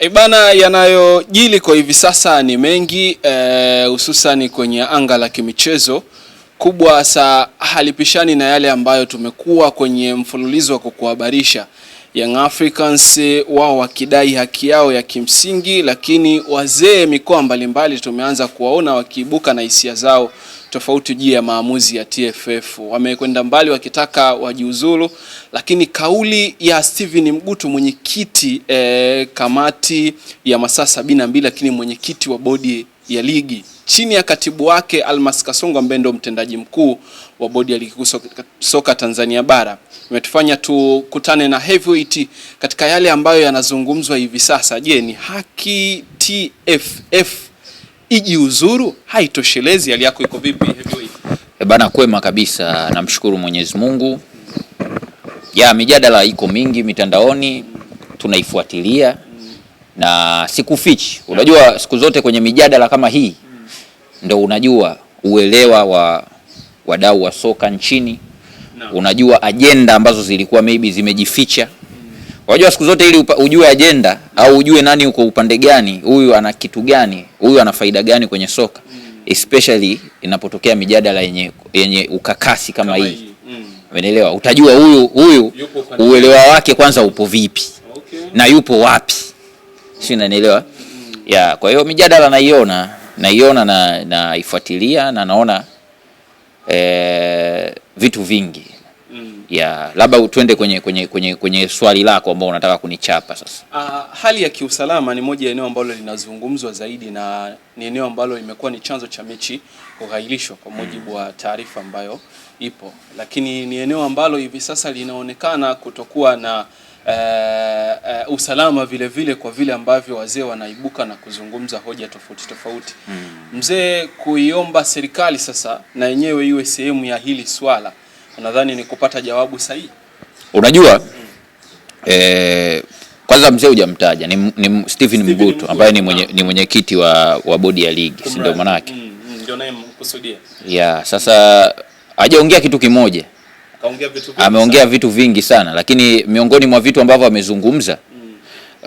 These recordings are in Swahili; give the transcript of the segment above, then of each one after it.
Ibana, eh, yanayojili kwa hivi sasa ni mengi eh, hususan e, kwenye anga la kimichezo kubwa sa halipishani na yale ambayo tumekuwa kwenye mfululizo wa kukuhabarisha. Young Africans eh, wao wakidai haki yao ya kimsingi, lakini wazee mikoa mbalimbali tumeanza kuwaona wakiibuka na hisia zao tofauti juu ya maamuzi ya TFF. Wamekwenda mbali wakitaka wajiuzulu, lakini kauli ya Steven Mgutu mwenyekiti eh, kamati ya masaa sabini na mbili, lakini mwenyekiti wa bodi ya ligi chini ya katibu wake Almas Kasongo ambaye ndio mtendaji mkuu wa bodi ya ligi kuu soka Tanzania bara imetufanya tukutane na Heavyweight katika yale ambayo yanazungumzwa hivi sasa. Je, ni haki TFF ijiuzuru haitoshelezi. Hali yako iko vipi E bana, kwema kabisa, namshukuru Mwenyezi Mungu. Ya mijadala iko mingi mitandaoni, tunaifuatilia na sikufichi. Unajua siku zote kwenye mijadala kama hii ndo unajua uelewa wa wadau wa soka nchini, unajua ajenda ambazo zilikuwa maybe zimejificha Unajua siku zote ili ujue ajenda au ujue nani uko upande gani, huyu ana kitu gani, huyu ana faida gani kwenye soka mm. especially inapotokea mijadala yenye, yenye ukakasi kama, kama hii mm. Utajua huyu huyu uelewa wake kwanza upo vipi okay. na yupo wapi, si unanielewa? mm. kwa hiyo mijadala naiona naiona na naifuatilia na naona eh, vitu vingi ya labda tuende kwenye, kwenye, kwenye, kwenye swali lako ambao unataka kunichapa sasa. Uh, hali ya kiusalama ni moja ya eneo ambalo linazungumzwa zaidi na ni eneo ambalo imekuwa ni chanzo cha mechi kughailishwa kwa mujibu wa taarifa ambayo ipo, lakini ni eneo ambalo hivi sasa linaonekana kutokuwa na Uh, uh, usalama vile vile kwa vile ambavyo wazee wanaibuka na kuzungumza hoja tofauti tofauti. Mm. Mzee kuiomba serikali sasa na yenyewe iwe sehemu ya hili swala Nadhani ni kupata jawabu sahihi. Unajua hmm. eh, kwanza mzee hujamtaja ni, ni Stephen, Mguto ambaye ni ah. mwenye, ni mwenyekiti wa, wa bodi ya ligi si ndio maana yake? Hmm, hmm, ndio naye mkusudia. Yeah, sasa hajaongea kitu kimoja. Kaongea vitu vingi. Ameongea vitu vingi sana lakini miongoni mwa vitu ambavyo amezungumza mm.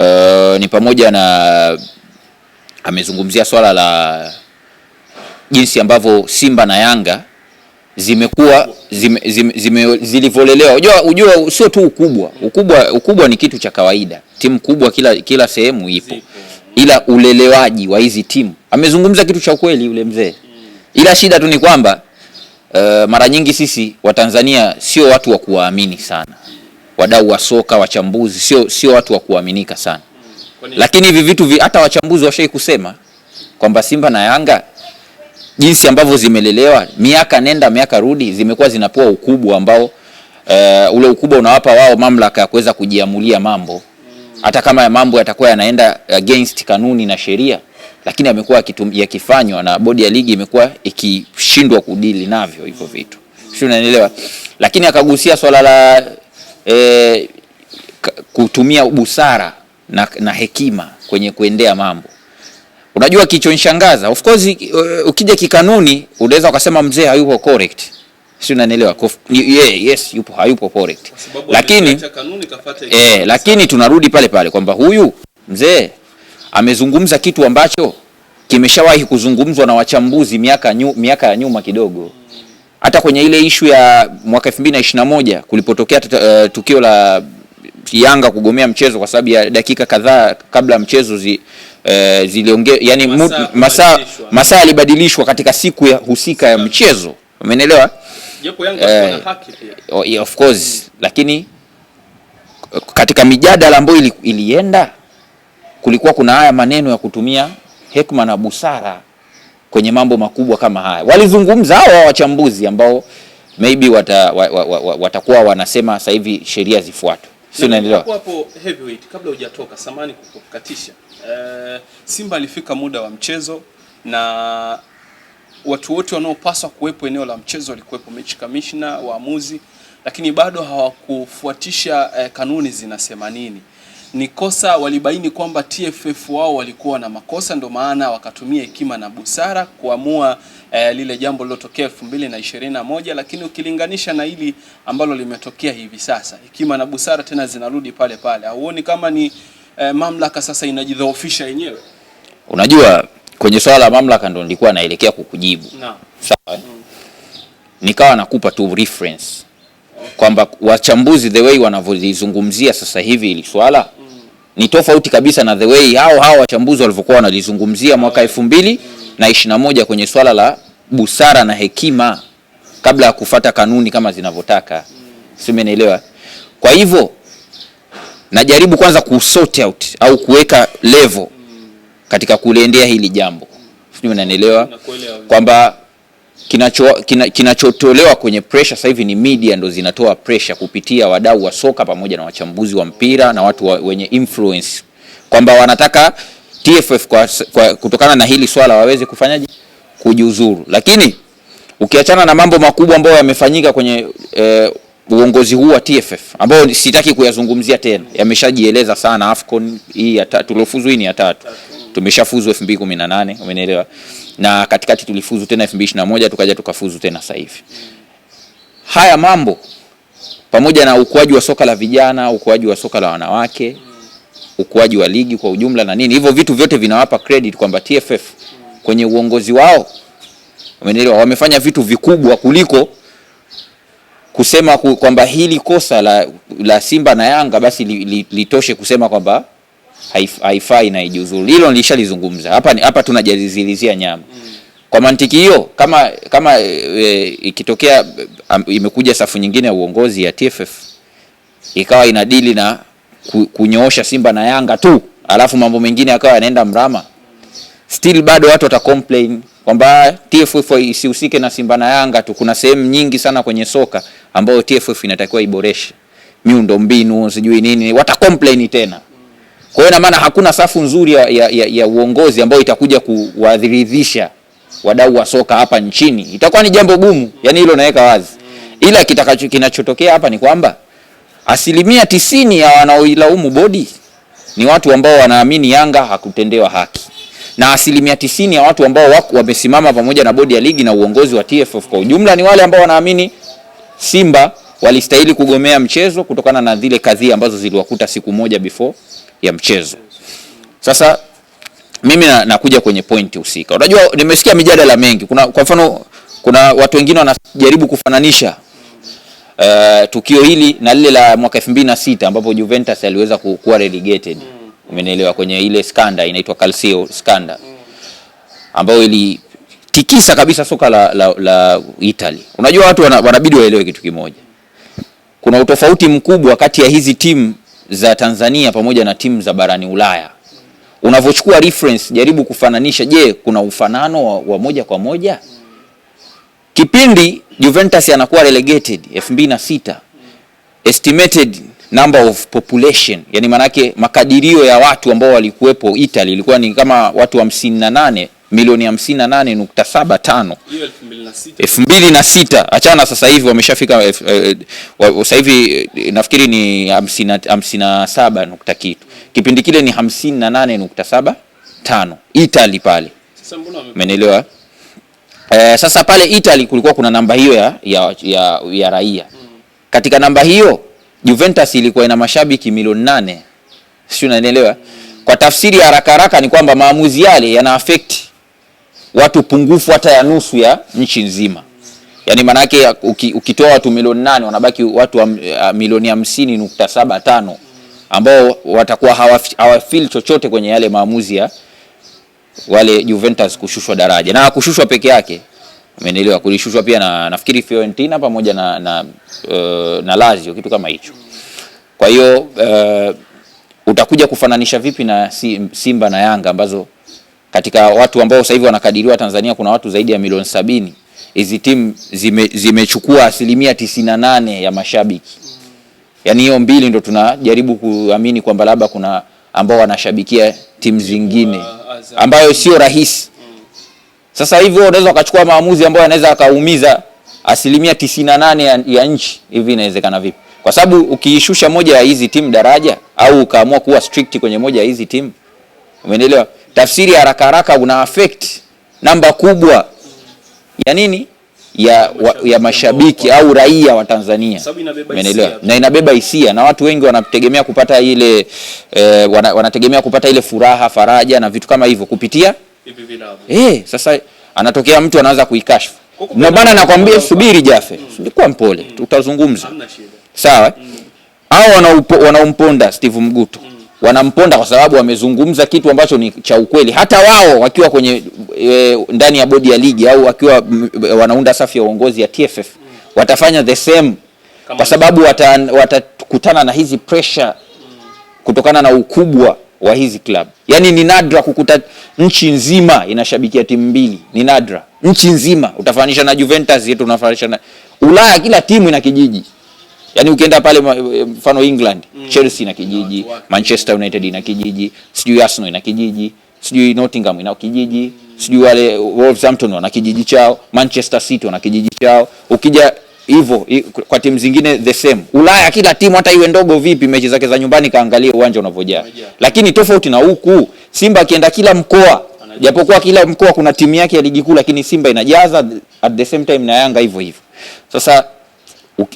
uh, ni pamoja na amezungumzia swala la jinsi ambavyo Simba na Yanga zimekuwa zime, zime, zime, zilivyolelewa. Unajua, unajua sio tu ukubwa, ukubwa ukubwa ni kitu cha kawaida, timu kubwa kila kila sehemu ipo, ila ulelewaji wa hizi timu. Amezungumza kitu cha ukweli yule mzee, ila shida tu ni kwamba uh, mara nyingi sisi Watanzania sio watu wa kuwaamini sana wadau wa soka, wachambuzi, sio sio watu wa kuaminika sana, lakini hivi vitu hata wachambuzi washai kusema kwamba Simba na Yanga jinsi ambavyo zimelelewa miaka nenda miaka rudi, zimekuwa zinapewa ukubwa ambao uh, ule ukubwa unawapa wao mamlaka ya kuweza kujiamulia mambo, hata kama mambo yatakuwa yanaenda against kanuni na sheria, lakini amekuwa yakifanywa na bodi ya ligi imekuwa ikishindwa kudili navyo hivyo vitu, sio, unanielewa? Lakini akagusia swala la e, kutumia busara na, na hekima kwenye kuendea mambo Unajua kichonishangaza, of course, eh, ukija kikanuni unaweza ukasema mzee hayupo correct, si unanielewa? Yeah, yes, yupo hayupo correct, lakini eh, lakini tunarudi pale pale kwamba huyu mzee amezungumza kitu ambacho kimeshawahi kuzungumzwa na wachambuzi miaka nyu, miaka ya nyuma kidogo, hata kwenye ile ishu ya mwaka 2021 kulipotokea uh, tukio la Yanga kugomea mchezo kwa sababu ya dakika kadhaa kabla mchezo zi, Eh, ziliongea yani masaa masaa masa yalibadilishwa katika siku ya husika ya mchezo, umeelewa? Japo eh, haki pia. Oh, of course mm. Lakini katika mijadala ambayo ili, ilienda kulikuwa kuna haya maneno ya kutumia hekima na busara kwenye mambo makubwa kama haya. Walizungumza hao wachambuzi ambao maybe watakuwa wa, wa, wa, wanasema sasa hivi sheria zifuatwe. Sio naendelea. Hapo Heavyweight kabla hujatoka, samani kukukatisha. Uh, Simba alifika muda wa mchezo na watu wote wanaopaswa kuwepo eneo la mchezo walikuwepo, mechi kamishna, waamuzi, lakini bado hawakufuatisha uh, kanuni zinasema nini ni kosa, walibaini kwamba TFF wao walikuwa na makosa, ndio maana wakatumia hekima na busara kuamua eh, lile jambo lilotokea moja, lakini ukilinganisha na hili ambalo limetokea hivi sasa, hekima na busara tena zinarudi pale pale. Hauoni kama ni eh, mamlaka sasa inajidhoofisha yenyewe? Unajua, kwenye swala la mamlaka ndo nilikuwa naelekea kukujibu na. Sawa mm. Nikawa nakupa tu reference kwamba wachambuzi the way wanavyolizungumzia sasa hivi ili swala ni tofauti kabisa na the way hao hao wachambuzi walivyokuwa wanalizungumzia mwaka elfu mbili na ishirini na moja kwenye swala la busara na hekima kabla ya kufata kanuni kama zinavyotaka, si umenielewa? Kwa hivyo najaribu kwanza ku sort out au kuweka level katika kuliendea hili jambo, si unanielewa kwamba kinachotolewa kina, kinachotolewa kwenye pressure sasa hivi ni media ndo zinatoa pressure kupitia wadau wa soka pamoja na wachambuzi wa mpira na watu wa, wenye influence kwamba wanataka TFF kwa, kwa, kutokana na hili swala waweze kufanyaje kujiuzuru. Lakini ukiachana na mambo makubwa ambayo yamefanyika kwenye eh, uongozi huu wa TFF ambao sitaki kuyazungumzia tena, yameshajieleza sana. AFCON hii ya tatu tulofuzu hii ni ya tatu, tumeshafuzu 2018 umenielewa na katikati tulifuzu tena 2021 tukaja tukafuzu tena sasa hivi. Haya mambo pamoja na ukuaji wa soka la vijana, ukuaji wa soka la wanawake, ukuaji wa ligi kwa ujumla na nini, hivyo vitu vyote vinawapa credit kwamba TFF kwenye uongozi wao, umeelewa, wamefanya vitu vikubwa kuliko kusema kwamba hili kosa la, la Simba na Yanga basi litoshe li, li kusema kwamba haifai na ijiuzuru. Hilo nilishalizungumza hapa, hapa tunajazilizia nyama mm. kwa mantiki hiyo, kama kama ikitokea e, e, imekuja safu nyingine ya uongozi ya TFF ikawa inadili na ku, kunyoosha Simba na Yanga tu, alafu mambo mengine akawa yanaenda mrama, still bado watu wata complain kwamba TFF isihusike na Simba na Yanga tu. Kuna sehemu nyingi sana kwenye soka ambayo TFF inatakiwa iboreshe miundo mbinu, sijui nini, wata complain tena. Kwa hiyo ina maana hakuna safu nzuri ya, ya, ya ya uongozi ambayo itakuja kuwadhiridhisha wadau wa soka hapa nchini, itakuwa ni jambo gumu, yani hilo naweka wazi, ila kitakacho kinachotokea hapa ni kwamba asilimia tisini ya wanaoilaumu bodi ni watu ambao wanaamini Yanga hakutendewa haki na asilimia tisini ya watu ambao wamesimama pamoja na bodi ya ligi na uongozi wa TFF kwa ujumla ni wale ambao wanaamini Simba walistahili kugomea mchezo kutokana na zile kadhia ambazo ziliwakuta siku moja before ya mchezo. Sasa mimi na, nakuja kwenye pointi husika. Unajua, nimesikia mijadala mengi. Kuna kwa mfano, kuna watu wengine wanajaribu kufananisha uh, tukio hili na lile la mwaka sita ambapo Juventus aliweza kuwa relegated. Umenielewa, kwenye ile skanda inaitwa Calcio skanda ambayo ili tikisa kabisa soka la, la, la Italy. Unajua, watu wanabidi waelewe kitu kimoja, kuna utofauti mkubwa kati ya hizi timu za Tanzania pamoja na timu za barani Ulaya. Unavyochukua reference, jaribu kufananisha, je, kuna ufanano wa, wa moja kwa moja? Kipindi Juventus anakuwa relegated 2006 estimated number of population, yani manake makadirio ya watu ambao walikuwepo Italy ilikuwa ni kama watu hamsini na nane milioni 58.75 sita Achana sasa hivi wameshafika eh, eh, sasa hivi eh, nafikiri ni saba nukta kitu, kipindi kile ni nane nukta saba tano Itali pale. menelewa Eh, sasa pale Itali kulikuwa kuna namba hiyo ya, ya, ya, ya raia mm. Katika namba hiyo Juventus ilikuwa ina mashabiki milioni nane, sio? Unanielewa? Mm. Kwa tafsiri ya haraka haraka ni kwamba maamuzi yale yana affect watu pungufu hata ya nusu ya nchi nzima. Yaani maanake ukitoa watu milioni nane wanabaki watu wa eh, milioni hamsini nukta saba tano ambao watakuwa hawafil chochote kwenye yale maamuzi ya wale Juventus kushushwa daraja, na kushushwa peke yake, amenielewa, kulishushwa pia na nafikiri Fiorentina pamoja na na, uh, na Lazio kitu kama hicho. Kwa hiyo uh, utakuja kufananisha vipi na Simba na Yanga ambazo katika watu ambao sasa hivi wanakadiriwa Tanzania kuna watu zaidi ya milioni sabini. Hizi timu zime, zimechukua asilimia tisini na nane ya mashabiki. Yaani hiyo mbili ndo tunajaribu kuamini kwamba labda kuna ambao wanashabikia timu zingine ambayo sio rahisi. Sasa hivi unaweza ukachukua maamuzi ambayo yanaweza akaumiza asilimia tisini na nane ya, ya nchi. Hivi inawezekana vipi? Kwa sababu ukiishusha moja ya hizi timu daraja au ukaamua kuwa strict kwenye moja ya hizi timu, umeelewa? tafsiri haraka haraka una affect namba kubwa ya nini ya, wa, ya mashabiki au raia wa Tanzania, umeelewa, na inabeba hisia na watu wengi wanategemea kupata ile eh, wanategemea kupata ile furaha, faraja na vitu kama hivyo kupitia eh. Sasa anatokea mtu anaanza kuikashfa na bana, nakwambia subiri Jafe, nilikuwa mm. mpole, tutazungumza mm. sawa. Mm. Hao wanaumponda Steve Mguto wanamponda kwa sababu wamezungumza kitu ambacho ni cha ukweli, hata wao wakiwa kwenye e, ndani ya bodi ya ligi au wakiwa wanaunda safu ya uongozi ya TFF watafanya the same kwa sababu watakutana wata na hizi pressure kutokana na ukubwa wa hizi club. Yaani ni nadra kukuta nchi nzima inashabikia timu mbili, ni nadra nchi nzima. Utafanisha na Juventus yetu, unafanisha na Ulaya, kila timu ina kijiji yani ukienda pale eh, mfano England, mm. Chelsea ina kijiji, no, Manchester United ina kijiji, sijui Arsenal ina kijiji, sijui Nottingham ina kijiji, sijui wale Wolverhampton wana kijiji chao, Manchester City wana kijiji chao. Ukija hivyo kwa timu zingine the same. Ulaya kila timu hata iwe ndogo vipi, mechi zake za nyumbani kaangalie uwanja unavyojaa. Lakini tofauti na huku Simba akienda kila mkoa, japokuwa kila mkoa kuna timu yake ya ligi kuu, lakini Simba inajaza at the same time na Yanga hivyo hivyo. Sasa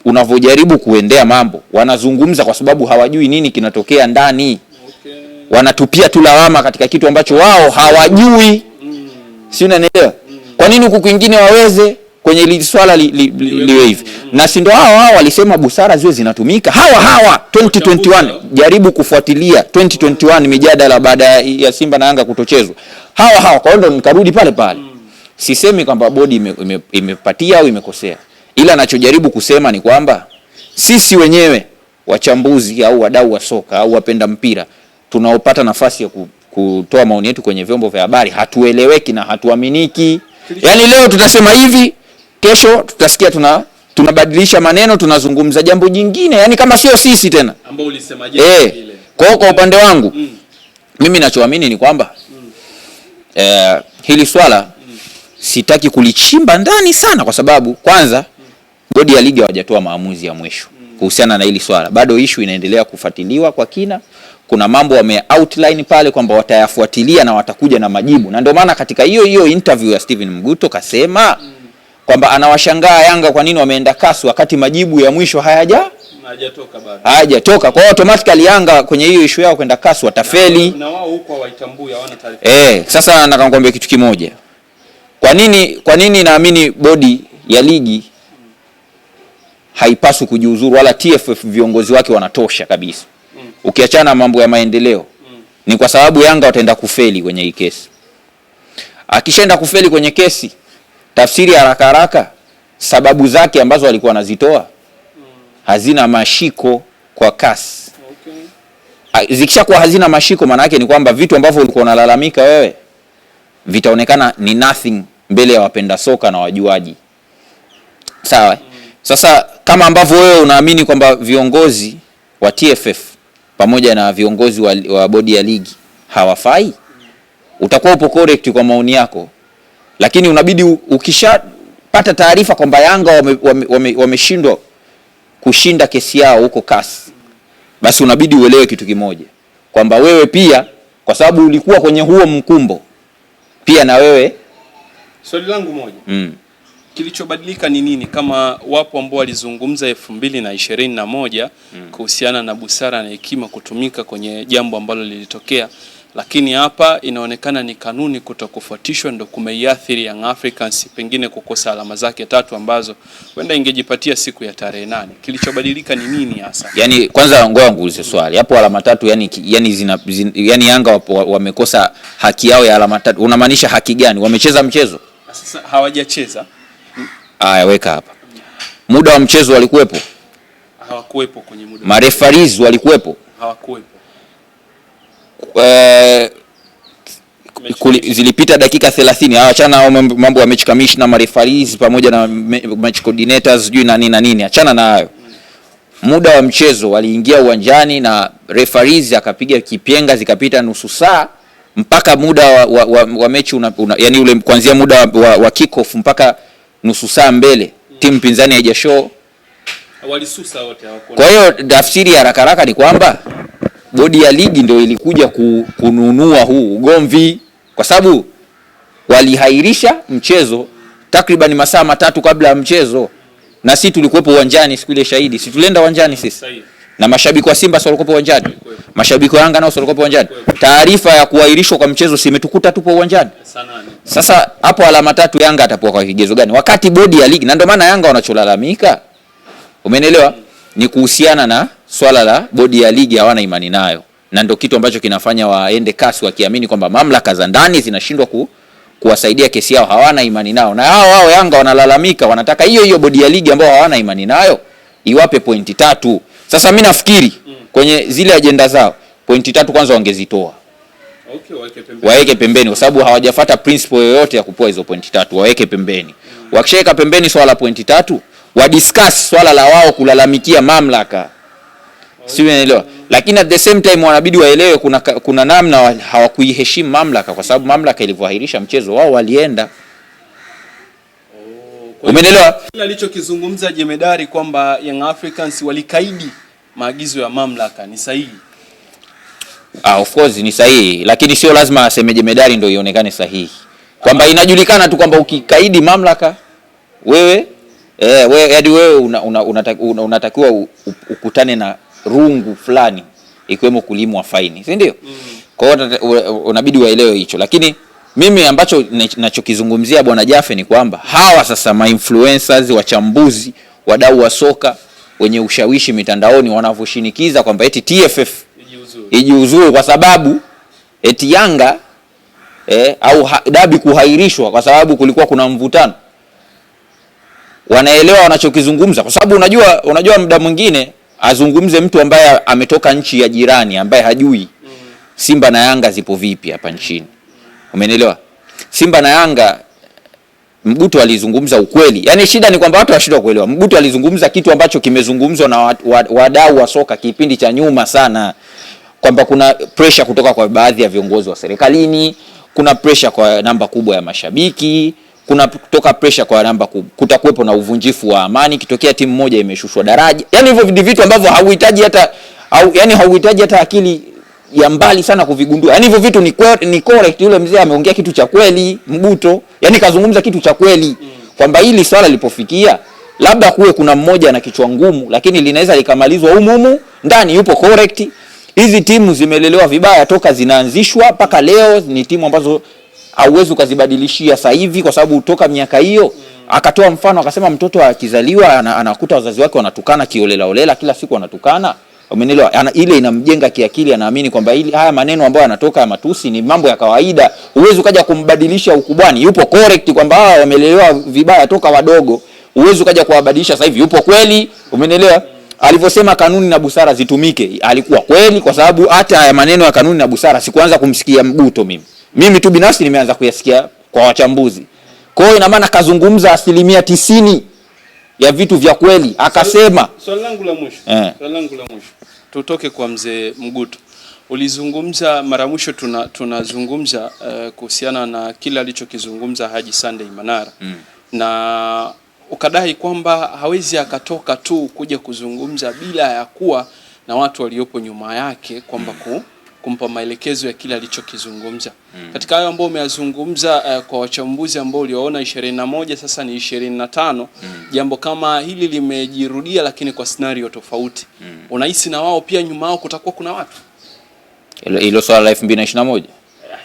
unavyojaribu kuendea mambo, wanazungumza kwa sababu hawajui nini kinatokea ndani okay. Wanatupia tu lawama katika kitu ambacho wao hawajui mm. si unanielewa mm. Kwa nini huku kwingine waweze kwenye li swala li, li, li, li, liwe hivi mm. na si ndio hao hao walisema busara ziwe zinatumika. Hawa hawa 2021 jaribu kufuatilia 2021 mijadala baada ya Simba na Yanga kutochezwa, hawa hawa. Kwa hiyo ndo nikarudi pale pale mm. sisemi kwamba bodi imepatia ime, ime au imekosea ila anachojaribu kusema ni kwamba sisi wenyewe wachambuzi au wadau wa soka au wapenda mpira tunaopata nafasi ya kutoa maoni yetu kwenye vyombo vya habari hatueleweki na hatuaminiki. Yaani leo tutasema hivi, kesho tutasikia tuna tunabadilisha maneno, tunazungumza jambo jingine, yaani kama sio sisi tena ambao ulisema jambo e, eh, Kwa kwa upande wangu mm. mimi nachoamini ni kwamba mm. eh, hili swala mm. sitaki kulichimba ndani sana kwa sababu kwanza Bodi ya ligi hawajatoa maamuzi ya mwisho kuhusiana na hili swala, bado ishu inaendelea kufuatiliwa kwa kina. Kuna mambo wame outline pale kwamba watayafuatilia na watakuja na majibu, na ndio maana katika hiyo hiyo interview ya Steven Mguto kasema kwamba anawashangaa Yanga kwa nini wameenda kasu wakati majibu ya mwisho hayaja hajatoka bado, Kwa hiyo automatically Yanga kwenye hiyo issue yao kwenda kasu watafeli, na wao huko hawaitambui, hawana taarifa eh. Sasa nataka nikwambie kitu kimoja. Kwa nini kwa nini naamini bodi ya ligi haipaswi kujiuzuru, wala TFF viongozi wake wanatosha kabisa, mm. ukiachana mambo ya maendeleo. mm. Ni kwa sababu Yanga wataenda kufeli kwenye hii kesi. Akishaenda kufeli kwenye kesi, tafsiri haraka haraka, sababu zake ambazo alikuwa anazitoa mm. hazina mashiko kwa kasi. Zikishakuwa hazina mashiko, maana yake ni kwamba vitu ambavyo ulikuwa unalalamika wewe vitaonekana ni nothing mbele ya wapenda soka na wajuaji, sawa? mm. Sasa kama ambavyo wewe unaamini kwamba viongozi wa TFF pamoja na viongozi wa, wa bodi ya ligi hawafai, utakuwa upo correct kwa maoni yako, lakini unabidi ukishapata taarifa kwamba Yanga wameshindwa wame, wame, kushinda kesi yao huko CAS, basi unabidi uelewe kitu kimoja kwamba wewe pia kwa sababu ulikuwa kwenye huo mkumbo pia na wewe. Swali langu moja mm kilichobadilika ni nini? Kama wapo ambao walizungumza elfu mbili na ishirini na moja mm. kuhusiana na busara na hekima kutumika kwenye jambo ambalo lilitokea, lakini hapa inaonekana ni kanuni kutokufuatishwa ndo kumeiathiri Young Africans pengine kukosa alama zake tatu ambazo huenda ingejipatia siku ya tarehe nane. Kilichobadilika ni nini hasa? Yani kwanza ngoja nguulize swali hapo, alama tatu yani, yani, zina, zin, yani Yanga wamekosa haki yao ya alama tatu, unamaanisha haki gani? Wamecheza mchezo sasa, hawajacheza Aya, weka hapa. Muda wa mchezo walikuwepo? Hawakuwepo kwenye muda. Marefarees walikuwepo? Hawakuwepo. Eh, kuli, zilipita dakika 30. Achana hao mambo ya match commissioner, marefarees pamoja na match coordinators sijui na nini na nini, achana na hayo. Muda wa mchezo waliingia uwanjani na referees akapiga kipenga, zikapita nusu saa mpaka muda wa, wa, wa, wa mechi una, una, yani ule kuanzia muda wa, wa, wa kickoff mpaka nusu saa mbele mm. timu pinzani haijashow. Walisusa wote Kwa hiyo tafsiri ya haraka haraka ni kwamba bodi ya ligi ndio ilikuja ku, kununua huu ugomvi kwa sababu walihairisha mchezo takriban masaa matatu kabla ya mchezo, na sisi tulikuwepo uwanjani siku ile. Shahidi, si tulienda uwanjani sisi? na mashabiki wa Simba sio walikuwa uwanjani, mashabiki wa Yanga nao sio walikuwa uwanjani. Taarifa ya kuahirishwa kwa mchezo simetukuta tupo uwanjani. Sasa hapo alama tatu Yanga atapoa kwa kigezo gani, wakati bodi ya ligi, na ndio maana Yanga wanacholalamika, umenielewa, ni kuhusiana na swala la bodi ya ligi, hawana imani nayo, na ndio kitu ambacho kinafanya waende kasi, wakiamini kwamba mamlaka za ndani zinashindwa ku, kuwasaidia kesi yao, hawana imani nao, na hao hao Yanga wanalalamika, wanataka hiyo hiyo bodi ya ligi ambao hawana imani nayo iwape pointi tatu. Sasa mimi nafikiri kwenye zile ajenda zao pointi tatu kwanza wangezitoa okay, waweke pembeni kwa sababu hawajafata principle yoyote ya kupoa hizo pointi tatu, waweke pembeni mm. wakishaweka pembeni swala la pointi tatu wadiscuss swala la wao kulalamikia mamlaka okay. unaelewa mm. Lakini at the same time wanabidi waelewe kuna, kuna namna hawakuiheshimu mamlaka kwa sababu mamlaka ilivyoahirisha mchezo wao walienda Umeelewa? Kile alichokizungumza Jemedari kwamba Young Africans walikaidi maagizo ya mamlaka ni sahihi. Ah, of course ni sahihi, lakini sio lazima aseme Jemedari ndio ionekane sahihi, kwamba inajulikana tu kwamba ukikaidi mamlaka wewe eh, wewe hadi wewe unatakiwa una, una, una, ukutane na rungu fulani ikiwemo kulimwa faini, si ndio? Mm. Kwa hiyo unabidi waelewe hicho, lakini mimi ambacho nachokizungumzia bwana Jafe ni kwamba hawa sasa mainfluencers, wachambuzi, wadau wa soka wenye ushawishi mitandaoni wanavyoshinikiza kwamba eti TFF ijiuzuru kwa sababu eti Yanga eh, au ha, dabi kuhairishwa kwa sababu kulikuwa kuna mvutano. Wanaelewa wanachokizungumza, kwa sababu unajua, unajua muda mwingine azungumze mtu ambaye ametoka nchi ya jirani ambaye hajui mm. Simba na Yanga zipo vipi hapa nchini. Umenielewa? Simba na Yanga Mbutu alizungumza ukweli. Yaani shida ni kwamba watu washindwa kuelewa. Mbutu alizungumza kitu ambacho kimezungumzwa na wadau wa soka kipindi cha nyuma sana kwamba kuna pressure kutoka kwa baadhi ya viongozi wa serikalini, kuna pressure kwa namba kubwa ya mashabiki, kuna kutoka pressure kwa namba kubwa. Kutakuwepo na uvunjifu wa amani kitokea timu moja imeshushwa daraja. Yaani hivyo vitu ambavyo hauhitaji hata au, yani hauhitaji hata akili ya mbali sana kuvigundua. Yaani hivyo vitu ni kwe, ni correct. Yule mzee ameongea kitu cha kweli, Mguto. Yaani kazungumza kitu cha kweli kwamba hili swala lipofikia labda kuwe kuna mmoja na kichwa ngumu, lakini linaweza likamalizwa humu humu ndani, yupo correct. Hizi timu zimelelewa vibaya toka zinaanzishwa mpaka leo, ni timu ambazo hauwezi ukazibadilishia sasa hivi, kwa sababu toka miaka hiyo. Akatoa mfano akasema, mtoto akizaliwa anakuta wazazi wake wanatukana kiolela olela, kila siku wanatukana Umenielewa? Ana, ile inamjenga kiakili, anaamini kwamba ile haya maneno ambayo yanatoka ya matusi ni mambo ya kawaida. Huwezi ukaja kumbadilisha ukubwani, yupo correct kwamba hawa ah, wamelelewa vibaya toka wadogo, huwezi ukaja kuwabadilisha sasa hivi, yupo kweli. Umenielewa? Alivyosema kanuni na busara zitumike, alikuwa kweli, kwa sababu hata haya maneno ya kanuni na busara sikuanza kumsikia Mguto mimi. Mimi tu binafsi nimeanza kuyasikia kwa wachambuzi. Kwa hiyo ina maana kazungumza asilimia tisini ya vitu vya kweli akasema. Swali langu la mwisho. eh, Swali langu la mwisho tutoke kwa mzee Mgutu. Ulizungumza mara mwisho tunazungumza tuna uh, eh, kuhusiana na kile alichokizungumza Haji Sunday Manara mm. na ukadai kwamba hawezi akatoka tu kuja kuzungumza bila ya kuwa na watu waliopo nyuma yake kwamba ku kumpa maelekezo ya kile alichokizungumza mm. Katika hayo ambayo umeyazungumza uh, kwa wachambuzi ambao uliwaona ishirini na moja sasa ni ishirini na tano mm. Jambo kama hili limejirudia, lakini kwa scenario tofauti mm. Unahisi na wao pia nyuma yao kutakuwa kuna watu hilo swala la elfu mbili na ishirini na moja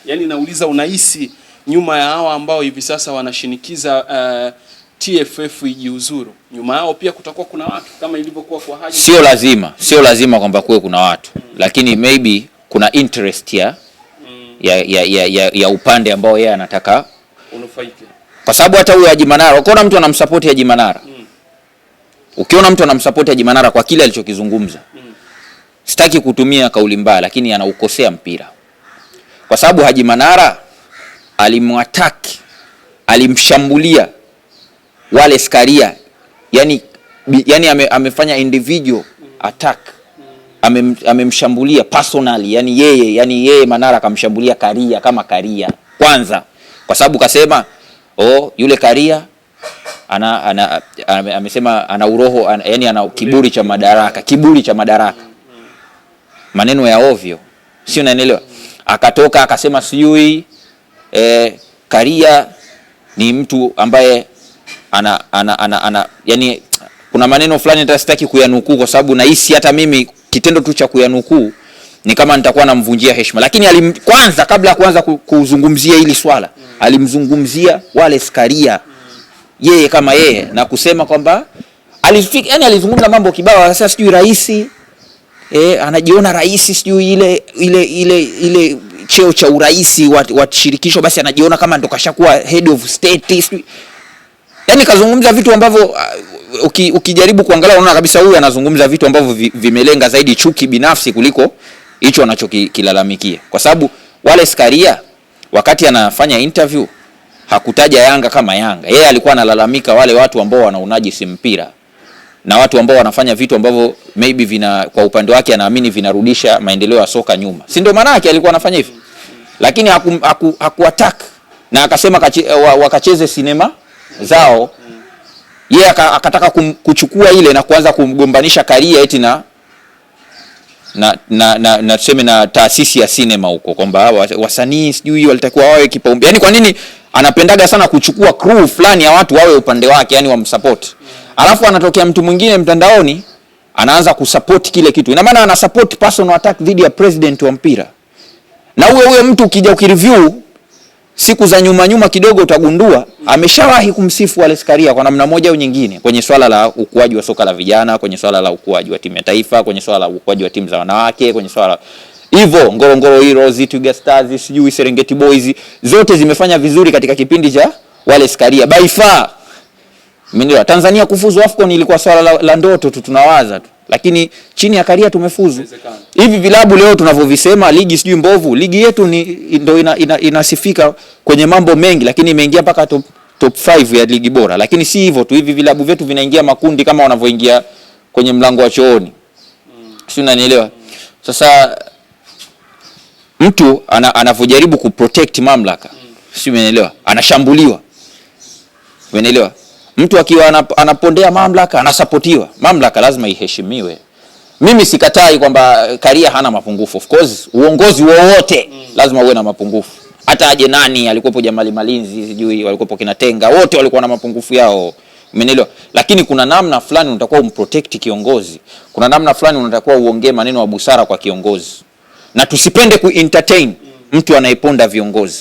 yaani nauliza, unahisi nyuma ya hawa ambao hivi sasa wanashinikiza uh, TFF ijiuzuru, nyuma yao pia kutakuwa kuna watu kama ilivyokuwa kwa Haji. Sio lazima, sio lazima kwamba kuwe kuna watu mm. Lakini maybe kuna interest ya, ya, ya, ya, ya, ya upande ambao yeye anataka unufaike, kwa sababu hata huyo Haji Manara, ukiona mtu anamsupport Haji Manara mm. ukiona mtu anamsupport Haji Manara kwa kile alichokizungumza mm. sitaki kutumia kauli mbaya, lakini anaukosea mpira, kwa sababu Haji Manara alimwataki, alimshambulia wale Skaria, yani yani ame, amefanya individual attack mm amem, amemshambulia personally, yani yeye yani yeye Manara akamshambulia Karia kama Karia kwanza, kwa sababu kasema oh, yule Karia ana, ana, ana, amesema ana uroho an, yani ana kiburi cha madaraka, kiburi cha madaraka, maneno ya ovyo, si Unaelewa? Akatoka akasema sijui eh, Karia ni mtu ambaye ana, ana, ana, ana, yani kuna maneno fulani nitasitaki kuyanukuu kwa sababu nahisi hata mimi kitendo tu cha kuyanukuu ni kama nitakuwa namvunjia heshima, lakini alim, kwanza kabla ya kuanza kuzungumzia hili swala alimzungumzia wale skaria yeye kama yeye na kusema kwamba alifika, yani alizungumza mambo kibao. Sasa sijui rais eh, anajiona rais, sijui ile ile ile ile cheo cha urais wa shirikisho, basi anajiona kama ndo kashakuwa head of state, sijui yani kazungumza vitu ambavyo uki, ukijaribu kuangalia unaona kabisa huyu anazungumza vitu ambavyo vimelenga zaidi chuki binafsi kuliko hicho anachokilalamikia, kwa sababu wale Skaria wakati anafanya interview hakutaja Yanga kama Yanga. Yeye alikuwa analalamika wale watu ambao wanaunajisi mpira na watu ambao wanafanya vitu ambavyo maybe vina kwa upande wake anaamini vinarudisha maendeleo ya soka nyuma, si ndio? Maana yake alikuwa anafanya hivyo, lakini haku, haku, haku na akasema kache, wakacheze sinema zao yeye akataka kuchukua ile na kuanza kumgombanisha Karia eti na na na, na, na tuseme na taasisi ya sinema huko kwamba wasanii sijui walitakiwa wawe kipaumbele. yani kwa nini anapendaga sana kuchukua crew fulani ya watu wawe upande wake, yani wamsupport. Alafu anatokea mtu mwingine mtandaoni anaanza kusupport kile kitu. Ina maana ana support personal attack dhidi ya president wa mpira. Na huyo huyo mtu ukija ukireview siku za nyuma nyuma kidogo utagundua ameshawahi kumsifu Aleskaria kwa namna moja au nyingine, kwenye swala la ukuaji wa soka la vijana, kwenye swala la ukuaji wa timu ya taifa, kwenye swala la ukuaji wa timu za wanawake, kwenye swala hivyo Ngorongoro Heroes, Twiga Stars, sijui Serengeti Boys, zote zimefanya vizuri katika kipindi cha ja, Waleskaria by far. Tanzania kufuzu AFCON ilikuwa swala la, la ndoto tu, tunawaza tu lakini chini ya Karia tumefuzu. Hivi vilabu leo tunavyovisema ligi sijui mbovu, ligi yetu ni ndio ina, ina, inasifika kwenye mambo mengi, lakini imeingia mpaka top, top 5 ya ligi bora. Lakini si hivyo tu, hivi vilabu vyetu vinaingia makundi kama wanavyoingia kwenye mlango wa chooni mm. si unanielewa? Mm. Sasa mtu anavyojaribu kuprotect mamlaka mm. si unanielewa, anashambuliwa, unanielewa Mtu akiwa anapondea mamlaka anasapotiwa. Mamlaka lazima iheshimiwe. Mimi sikatai kwamba Karia hana mapungufu. Of course, uongozi wowote lazima uwe na mapungufu. Hata aje nani alikuwepo, Jamali Malinzi sijui walikuwepo kina Tenga, wote walikuwa na mapungufu yao. Umenielewa? Lakini kuna namna fulani unatakuwa umprotect kiongozi. Kuna namna fulani unatakuwa uongee maneno ya busara kwa kiongozi. Na tusipende kuentertain mtu anayeponda viongozi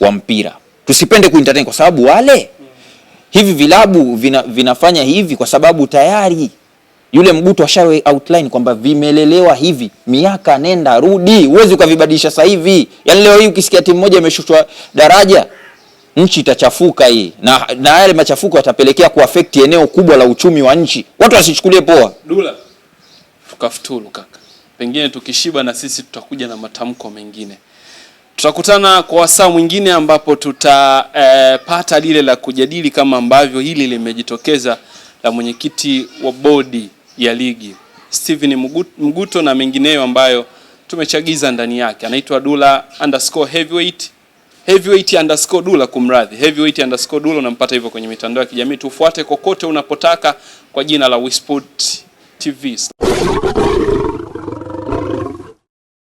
wa mpira. Tusipende kuentertain kwa sababu wale hivi vilabu vina, vinafanya hivi kwa sababu tayari yule Mguto ashawe outline kwamba vimelelewa hivi, miaka nenda rudi, huwezi ukavibadilisha sasa hivi. Yani leo hii ukisikia timu moja imeshushwa daraja, nchi itachafuka hii, na na yale machafuko yatapelekea kuaffect eneo kubwa la uchumi wa nchi. Watu wasichukulie poa. Dula, tukafuturu kaka, pengine tukishiba na sisi tutakuja na matamko mengine. Tutakutana kwa wasaa mwingine ambapo tutapata eh, lile la kujadili kama ambavyo hili limejitokeza la mwenyekiti wa bodi ya ligi Steven Mguto na mengineyo ambayo tumechagiza ndani yake. Anaitwa Dula underscore heavyweight heavyweight underscore Dula, kumradhi, heavyweight underscore Dula. Unampata hivyo kwenye mitandao ya kijamii. Tufuate kokote unapotaka kwa jina la Wisport TV.